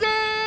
Yeah.